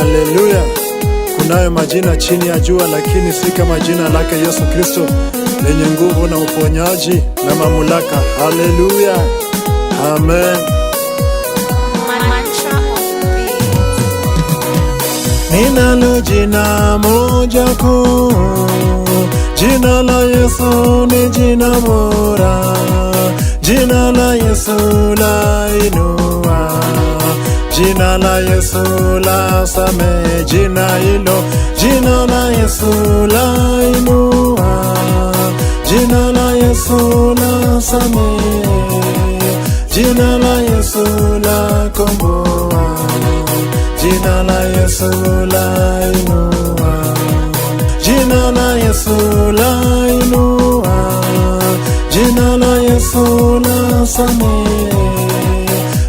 Haleluya! Kunayo majina chini ya jua, lakini si kama jina lake Yesu Kristo, lenye nguvu na uponyaji na mamlaka. Haleluya, amen. Ninalo jina moja kuu, jina la Yesu ni jina bora, jina la Yesu la inua Jina la Yesu la same, jina hilo, jina la Yesu la inua, jina la Yesu la same, jina la Yesu la komboa, jina la Yesu la inua, jina la Yesu la inua, jina la Yesu la same,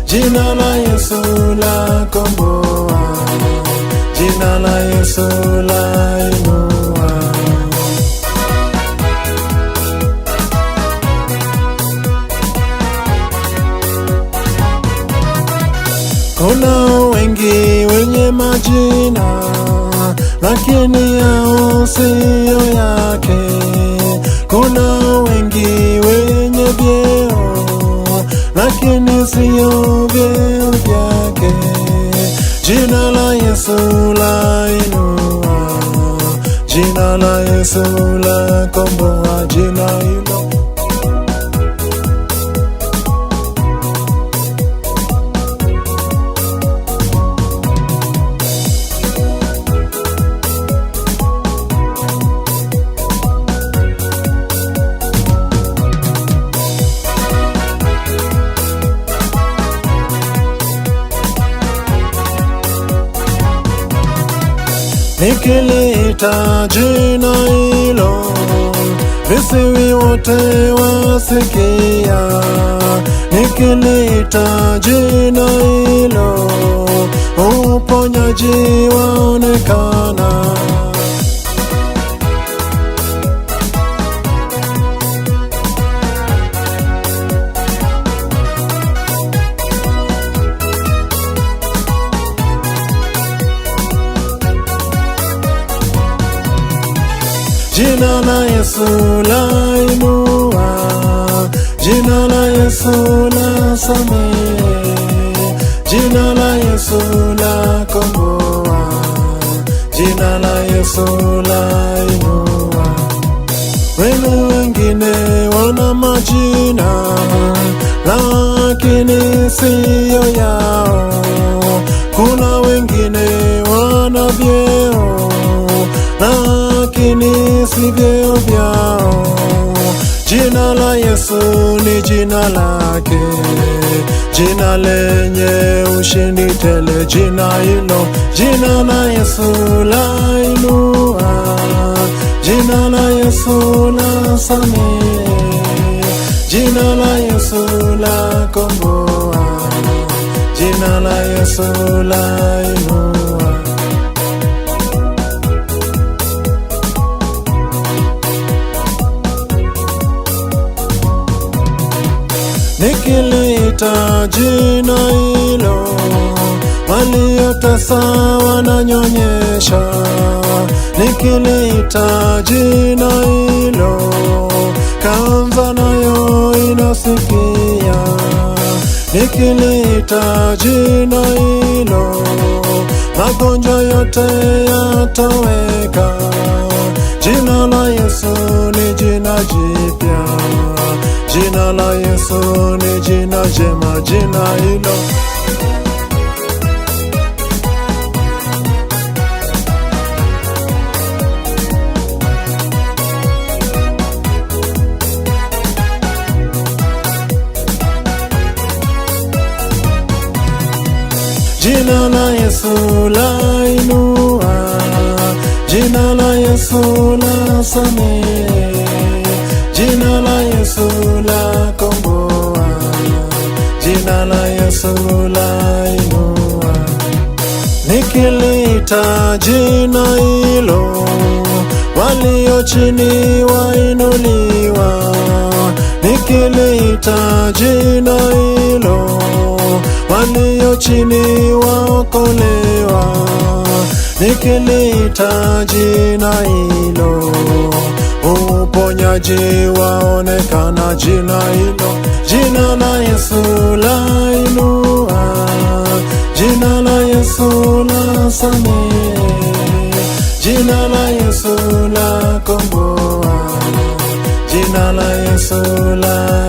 jina la lakomboa, jina la Yesu lainua. Kuna wengi wenye majina, lakini yao siyo ya Jina la Yesu la komboa, jina hilo nikilitaji na hilo visiwi wote wasikia, nikilitaji na hilo uponyaji waonekana. Jina la Yesu lainua, jina la Yesu la samehe, jina la Yesu la komboa, jina la Yesu lainua. Wenu wengine wana majina lakini siyo yao, kuna wengine wana vyeo lakini sivyo vyao. Jina la Yesu ni jina lake, jina lenye ushindi tele, jina hilo, jina la Yesu la inua, jina la Yesu la samehe, jina la Yesu la komboa, jina la Yesu la inua. nikiliita jina hilo yote sawa na nyonyesha, nikiliita jina hilo kanza nayo inasikia, nikiliita jina hilo magonjwa yote yatoweka. Jina la Yesu ni jina jipya, jina la Yesu ni jina jema, jina hilo Jina la Yesu Yesu na samehe, jina la Yesu la komboa, jina la Yesu la inua. Nikilita jina hilo, walio chini wainuliwa. Nikilita jina hilo, walio chini waokolewa nikilitaji na hilo uponyaji waonekana jina hilo, jina la Yesu la inua, jina la Yesu la samehe, jina la Yesu la komboa, jina la Yesu la